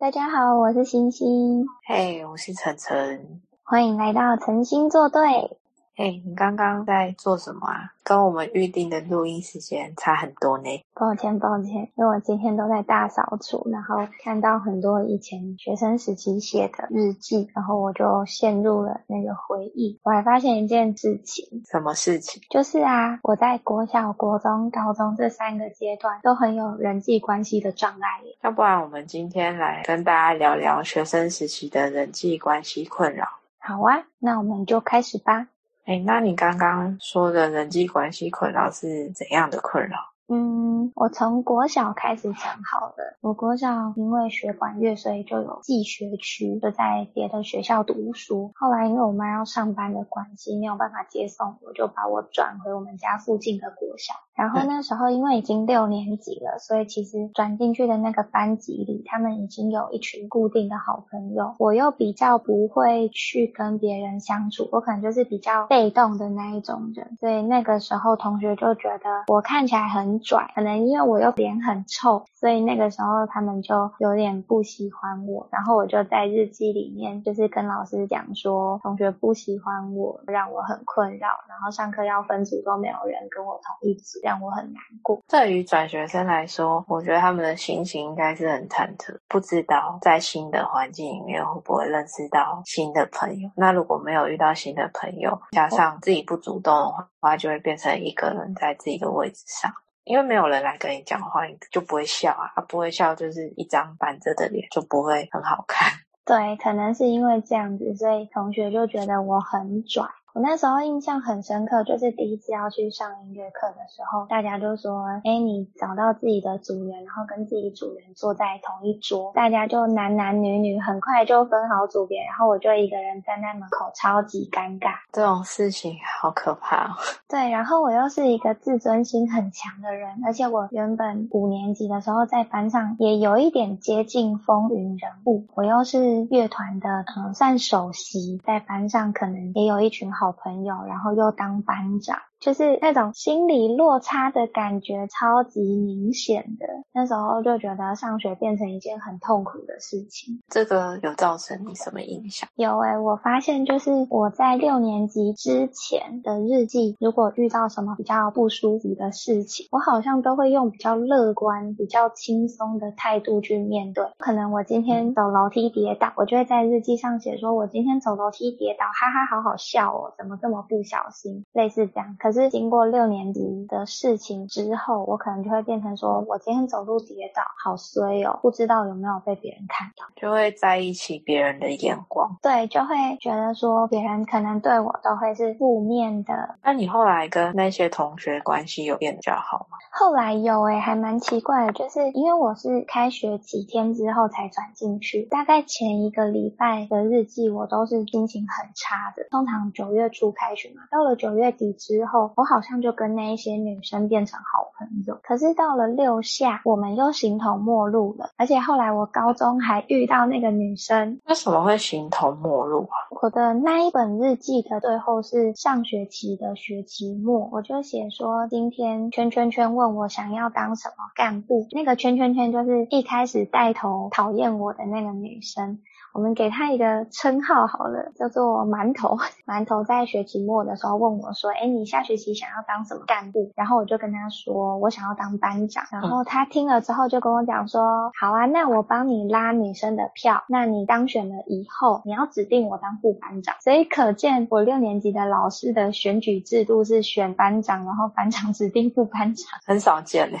大家好，我是芯芯。嘿，hey, 我是岑岑。歡迎來到岑芯作對。哎，hey, 你剛剛在做什麼啊？跟我們預定的錄音時間差很多呢。抱歉，抱歉，因為我今天都在大掃除，然後看到很多以前學生時期寫的日記，然後我就陷入了那個回憶。我還發現一件事情。什麼事情？就是啊，我在國小、國中、高中這三個階段都很有人際關係的障礙耶。要不然我們今天來跟大家聊聊學生時期的人際關係困擾。好啊，那我們就開始吧。哎，那你剛剛說的人際關係困擾是怎樣的困擾？嗯，我從國小開始講好的。我國小因為學管樂，所以就有寄學區，就在別的學校讀書。後來因為我媽要上班的關係，沒有辦法接送，我就把我轉回我們家附近的國小。然後那時候因為已經六年級了，所以其實轉進去的那個班級裡，他們已經有一群固定的好朋友。我又比較不會去跟別人相處，我可能就是比較被動的那一種人，所以那個時候同學就覺得我看起來很。可能因為我又臉很臭，所以那個時候他們就有點不喜歡我。然後我就在日記裡面就是跟老師講說，同學不喜歡我，讓我很困擾。然後上課要分組都沒有人跟我同一組，讓我很難過。對於轉學生來說，我覺得他們的心情應該是很忐忑，不知道在新的環境裡面會不會認識到新的朋友。那如果沒有遇到新的朋友，加上自己不主動的話，就會變成一個人在自己的位置上。因為沒有人來跟你講話，你就不會笑啊，啊，不會笑就是一張板着的臉，就不會很好看。對，可能是因為這樣子，所以同學就覺得我很拽。我那時候印象很深刻，就是第一次要去上音樂課的時候，大家就說：“哎，你找到自己的組員，然後跟自己組員坐在同一桌，大家就男男女女，很快就分好組別。”然後我就一個人站在那門口，超級尷尬。這種事情好可怕哦。對，然後我又是一個自尊心很強的人，而且我原本五年級的時候在班上也有一點接近風雲人物。我又是樂團的，嗯，算首席，在班上可能也有一群好。好朋友，然後又當班長。就是那種心理落差的感覺超級明顯的，那時候就覺得上學變成一件很痛苦的事情。這個有造成你什麼影響？有哎、欸，我發現就是我在六年級之前的日記，如果遇到什麼比較不舒服的事情，我好像都會用比較樂觀、比較輕鬆的態度去面對。可能我今天走樓梯跌倒，我就會在日記上寫說：“我今天走樓梯跌倒，哈哈，好好笑哦，怎麼這麼不小心？”類似這樣。可是經過六年級的事情之後，我可能就會變成說，我今天走路跌倒，好衰哦，不知道有沒有被別人看到，就會在意起別人的眼光。對，就會覺得說別人可能對我都會是負面的。那你後來跟那些同學關係有變得比較好嗎？後來有哎、欸，還蠻奇怪的，就是因為我是開學幾天之後才轉進去，大概前一個禮拜的日記我都是心情很差的。通常九月初開學嘛，到了九月底之後。我好像就跟那一些女生變成好朋友，可是到了六下，我們又形同陌路了。而且後來我高中還遇到那個女生。為什麼會形同陌路啊？我的那一本日記的最後是上學期的學期末，我就寫說，今天圈圈圈問我想要當什麼幹部，那個圈圈圈就是一開始帶頭討厭我的那個女生。我們給他一個稱號好了，叫做饅頭。饅頭在學期末的時候問我說：“欸，你下學期想要當什麼幹部？”然後我就跟他說：“我想要當班長。”然後他聽了之後就跟我講說：“好啊，那我幫你拉女生的票。那你當選了以後，你要指定我當副班長。”所以可見我六年級的老師的選舉制度是選班長，然後班長指定副班長，很少見嘞。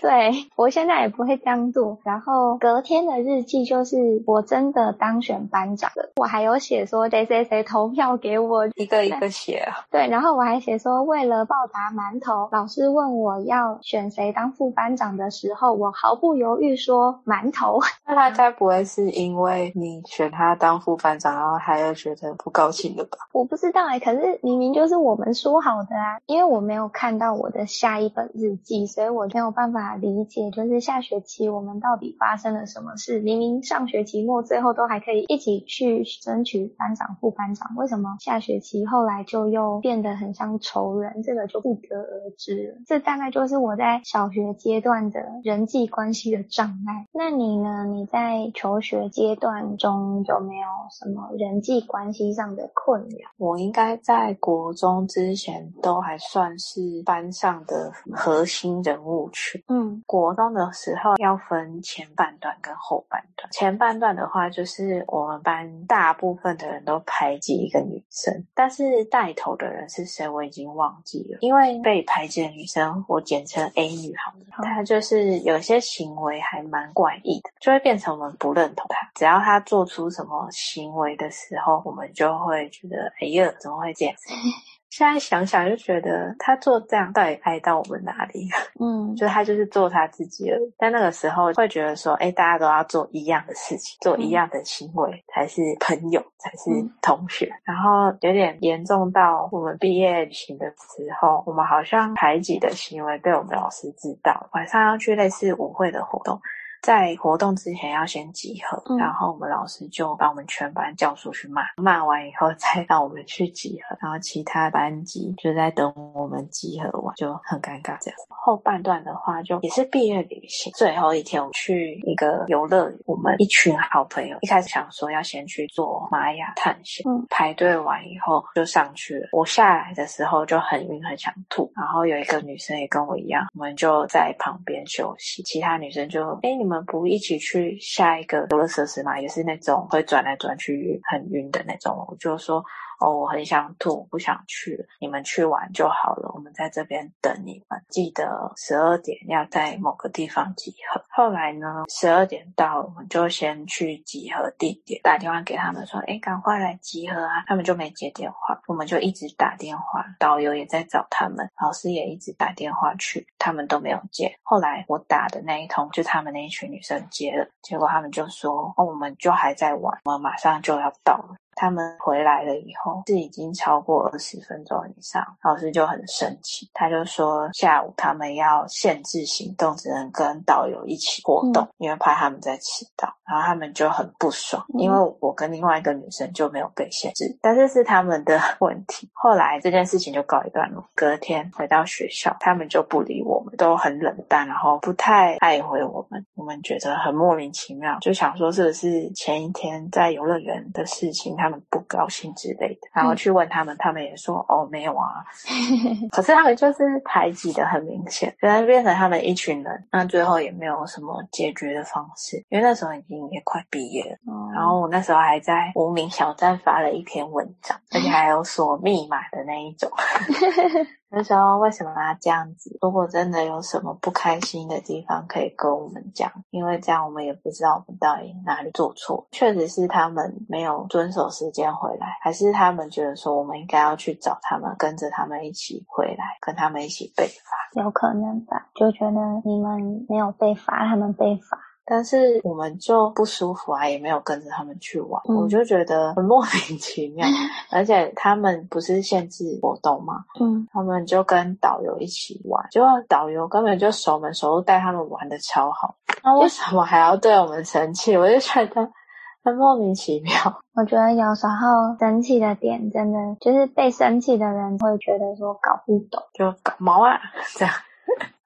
對，我現在也不會當度。然後隔天的日記就是我真的當。當選班長的，我還有寫說誰誰誰投票給我，一個一個寫啊。對，然後我還寫說，為了報答饅頭，老師問我要選誰當副班長的時候，我毫不猶豫說饅頭。啊、那他該不會是因為你選他當副班長，然後他又覺得不高興的吧？我不知道哎、欸，可是明明就是我們說好的啊，因為我沒有看到我的下一本日記，所以我沒有辦法理解，就是下學期我們到底發生了什麼事。明明上學期末最後都還。可以一起去爭取班長、副班長。為什麼下學期後來就又變得很像仇人？這個就不得而知了。這大概就是我在小學階段的人際關係的障礙。那你呢？你在求學階段中有沒有什麼人際關係上的困擾？我應該在國中之前都還算是班上的核心人物群。嗯，國中的時候要分前半段跟後半段。前半段的話就是。是我們班大部分的人都排擠一個女生，但是帶頭的人是誰，我已經忘記了。因為被排擠的女生，我簡稱 A 女，好的，她就是有些行為還蠻怪異的，就會變成我們不認同她。只要她做出什麼行為的時候，我們就會覺得，哎呀，怎麼會這樣？ 現在想想就覺得他做這樣到底礙到我們哪裡？啊？嗯，就他就是做他自己而已。但那個時候會覺得說，哎、欸，大家都要做一樣的事情，做一樣的行為、嗯、才是朋友，才是同學。嗯、然後有點嚴重到我們畢業旅行的時候，我們好像排擠的行為被我們老師知道。晚上要去類似舞會的活動。在活動之前要先集合，嗯、然後我們老師就把我們全班叫出去罵，罵完以後再讓我們去集合，然後其他班級就在等我們集合完，就很尷尬這樣子。後半段的話就也是畢業旅行最後一天，我去一個遊樂園，我們一群好朋友一開始想說要先去做瑪雅探險、嗯，排隊完以後就上去了。我下來的時候就很暈，很想吐，然後有一個女生也跟我一樣，我們就在旁邊休息，其他女生就哎，你我們不一起去下一個遊樂設施嗎？也是那種會轉來轉去、很暈的那種。我就說。哦，我很想吐，我不想去了。你們去玩就好了，我們在這邊等你們。記得十二點要在某個地方集合。後來呢，十二點到了，我們就先去集合地點，打電話給他們說：“哎，趕快來集合啊！”他們就沒接電話，我們就一直打電話，導遊也在找他們，老師也一直打電話去，他們都沒有接。後來我打的那一通，就他們那一群女生接了，結果他們就說：“哦，我們就還在玩，我們馬上就要到了。”他們回來了以後是已經超過二十分鐘以上，老師就很生氣，他就說下午他們要限制行動，只能跟導遊一起活動，嗯、因為怕他們在遲到。然後他們就很不爽，嗯、因為我跟另外一個女生就沒有被限制，但是是他們的問題。後來這件事情就告一段落。隔天回到學校，他們就不理我們，都很冷淡，然後不太愛回我們。我們覺得很莫名其妙，就想說是不是前一天在遊樂園的事情他。他們不高興之類的，然後去問他們，嗯、他們也說哦沒有啊， 可是他們就是排擠的很明顯，現在變成他們一群人，那最後也沒有什麼解決的方式，因為那時候已經也快畢業了，嗯、然後我那時候還在無名小站發了一篇文章，而且還有鎖密碼的那一種。 那時候為什麼要這樣子？如果真的有什麼不開心的地方，可以跟我們講，因為這樣我們也不知道我們到底哪裡做錯。確實是他們沒有遵守時間回來，還是他們覺得說我們應該要去找他們，跟着他們一起回來，跟他們一起被罰？有可能吧？就覺得你們沒有被罰，他們被罰。但是我們就不舒服啊，也沒有跟着他們去玩，嗯、我就覺得很莫名其妙。嗯、而且他們不是限制活動嗎？嗯，他們就跟導遊一起玩，就導遊根本就熟門熟路帶他們玩得超好。那為什麼還要對我們生氣？我就覺得很莫名其妙。我覺得有時候生氣的點真的就是被生氣的人會覺得說搞不懂，就搞毛啊這樣。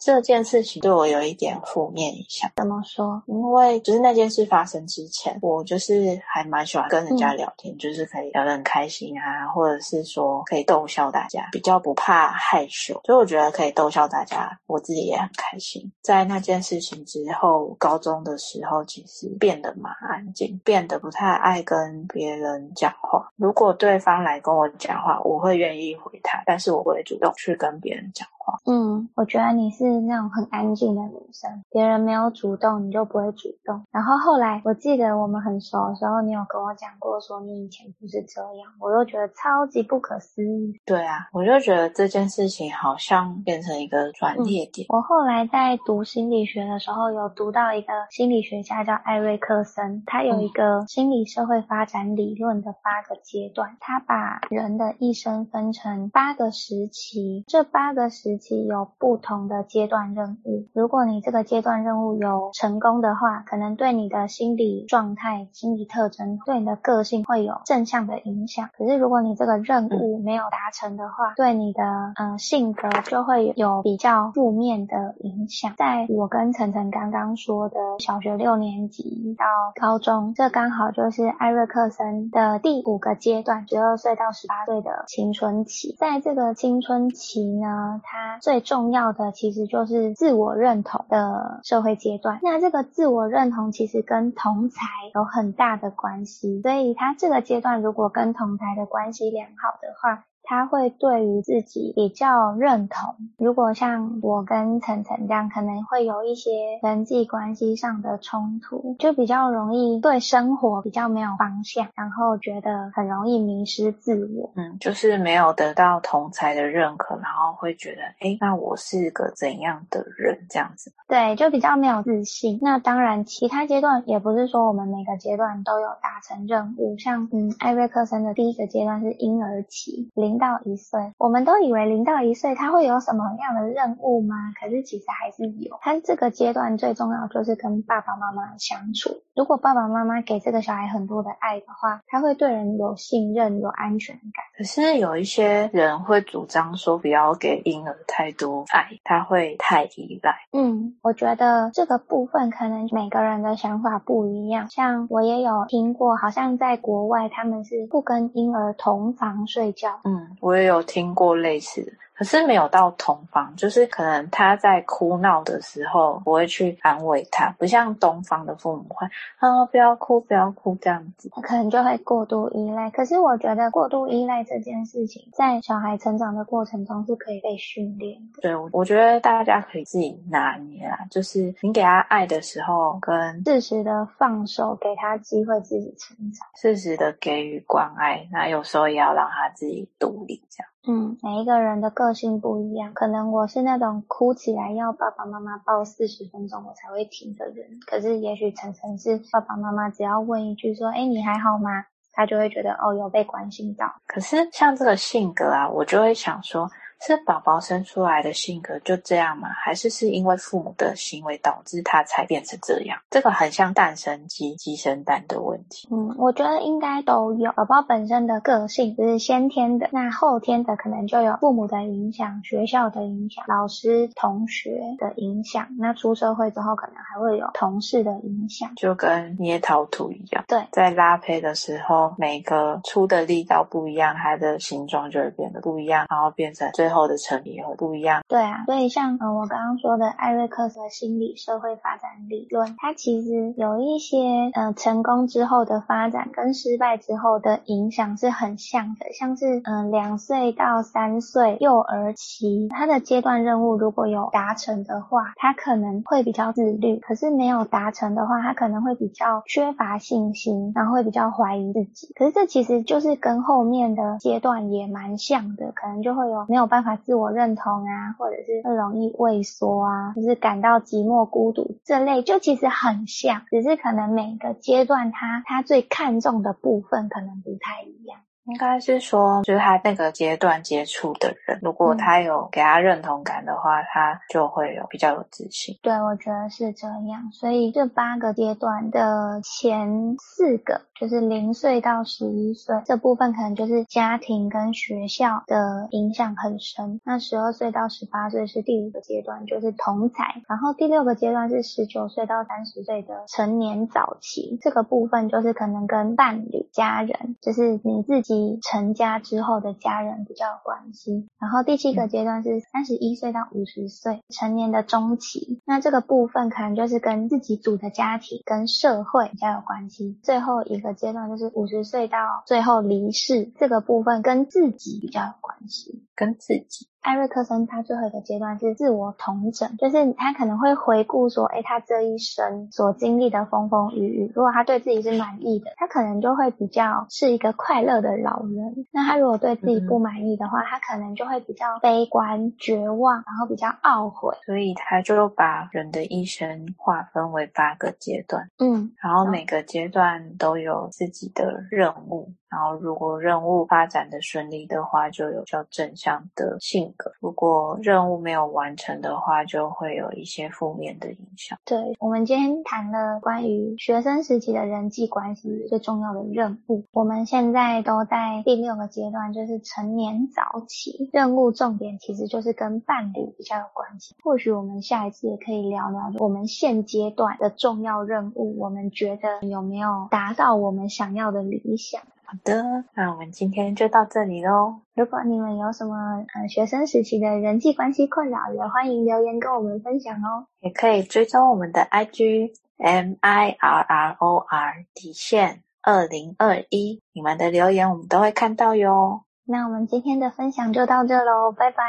這件事情對我有一點負面影響。怎麼說？因為就是那件事發生之前，我就是還蠻喜歡跟人家聊天，嗯、就是可以聊得很開心啊，或者是說可以逗笑大家，比較不怕害羞，所以我覺得可以逗笑大家，我自己也很開心。在那件事情之後，高中的時候其實變得蠻安靜，變得不太愛跟別人講話。如果對方來跟我講話，我會願意回他，但是我會主動去跟別人講話。嗯，我覺得你是。是那種很安靜的女生，別人沒有主動，你就不會主動。然後後來，我記得我們很熟的時候，你有跟我講過，說你以前不是這樣，我都覺得超級不可思議。對啊，我就覺得這件事情好像變成一個轉捩點，嗯。我後來在讀心理學的時候，有讀到一個心理學家叫艾瑞克森，他有一個心理社會發展理論的八個階段，他把人的一生分成八個時期，這八個時期有不同的階段。階段任務，如果你這個階段任務有成功的話，可能對你的心理狀態、心理特徵、對你的個性會有正向的影響。可是如果你這個任務沒有達成的話，對你的呃性格就會有比較負面的影響。在我跟岑岑剛剛說的小學六年級到高中，這剛好就是艾瑞克森的第五個階段，十二歲到十八歲的青春期。在這個青春期呢，他最重要的其實。就是自我認同的社會階段，那這個自我認同其實跟同儕有很大的關係，所以他這個階段如果跟同儕的關係良好的話。他會對於自己比較認同，如果像我跟芯芯這樣，可能會有一些人際關係上的衝突，就比較容易對生活比較沒有方向，然後覺得很容易迷失自我。嗯，就是沒有得到同儕的認可，然後會覺得，哎，那我是個怎樣的人？這樣子嗎。對，就比較沒有自信。那當然，其他階段也不是說我們每個階段都有達成任務，像嗯，艾瑞克森的第一個階段是嬰兒期零。到一歲，我們都以為零到一歲他會有什麼樣的任務嗎？可是其實還是有，他這個階段最重要就是跟爸爸媽媽相處。如果爸爸媽媽給這個小孩很多的愛的話，他會對人有信任、有安全感。可是有一些人會主張說，不要給嬰兒太多愛，他會太依賴。嗯，我覺得這個部分可能每個人的想法不一樣。像我也有聽過，好像在國外他們是不跟嬰兒同房睡覺。嗯。我也有聽過類似的。可是沒有到同房，就是可能他在哭鬧的時候，我會去安慰他，不像東方的父母會啊，不要哭不要哭這樣子，他可能就會過度依賴。可是我覺得過度依賴這件事情，在小孩成長的過程中是可以被訓練的。對，我我覺得大家可以自己拿捏啦，就是你給他愛的時候，跟適時的放手，給他機會自己成長，適時的給予關愛，那有時候也要讓他自己獨立這樣。嗯，每一個人的個性不一樣，可能我是那種哭起來要爸爸媽媽抱四十分鐘我才會停的人，可是也許芯芯是爸爸媽媽只要問一句說，哎，你還好嗎？他就會覺得哦，有被關心到。可是像這個性格啊，我就會想說。是寶寶生出來的性格就這樣嗎？還是是因為父母的行為導致他才變成這樣？這個很像蛋生雞、雞生蛋的問題。嗯，我覺得應該都有寶寶本身的個性，就是先天的，那後天的可能就有父母的影響、學校的影響、老師、同學的影響。那出社會之後，可能還會有同事的影響，就跟捏陶土一樣。對，在拉胚的時候，每個出的力道不一樣，它的形狀就會變得不一樣，然後變成這。後的成因會不一樣。對啊，所以像呃我剛剛說的艾瑞克森的心理社會發展理論，它其實有一些呃成功之後的發展跟失敗之後的影響是很像的。像是嗯兩、呃、兩歲到三歲幼兒期，他的階段任務如果有達成的話，他可能會比較自律；可是沒有達成的話，他可能會比較缺乏信心，然後會比較懷疑自己。可是這其實就是跟後面的階段也蠻像的，可能就會有沒有辦法，自我認同啊，或者是更容易畏縮啊，就是感到寂寞孤獨這類，就其實很像，只是可能每個階段他他最看重的部分可能不太一樣。應該是說，就是他那個階段接觸的人，如果他有給他認同感的話，嗯、他就會有比較有自信。對，我覺得是這樣。所以這八個階段的前四個，就是零歲到十一歲這部分，可能就是家庭跟學校的影響很深。那十二歲到十八歲是第五個階段，就是同儕。然後第六個階段是十九歲到三十歲的成年早期，這個部分就是可能跟伴侶、家人，就是你自己。成家之後的家人比較有關係，然後第七個階段是三十一歲到五十歲，成年的中期，那這個部分可能就是跟自己組的家庭跟社會比較有關係。最後一個階段就是五十歲到最後離世，這個部分跟自己比較有關係，跟自己。艾瑞克森他最後一個階段是自我統整，就是他可能會回顧說，哎、欸，他這一生所經歷的風風雨雨，如果他對自己是滿意的，他可能就會比較是一個快樂的老人。那他如果對自己不滿意的話，嗯、他可能就會比較悲觀、絕望，然後比較懊悔。所以他就把人的一生劃分為八個階段，嗯，然後每個階段都有自己的任務。然後，如果任務發展的順利的話，就有比較正向的性格；如果任務沒有完成的話，就會有一些負面的影響。對，我們今天談了關於學生時期的人際關係最重要的任務，我們現在都在第六個階段，就是成年早期，任務重點其實就是跟伴侶比較有關係。或許我們下一次也可以聊聊我們現階段的重要任務，我們覺得有沒有達到我們想要的理想？好的，那我們今天就到這裡嘍。如果你們有什麼呃學生時期的人際關係困擾，也歡迎留言跟我們分享哦。也可以追蹤我們的 IG M I R R O R 底線二零二一，你們的留言我們都會看到喲。那我們今天的分享就到這嘍，拜拜，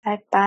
拜拜。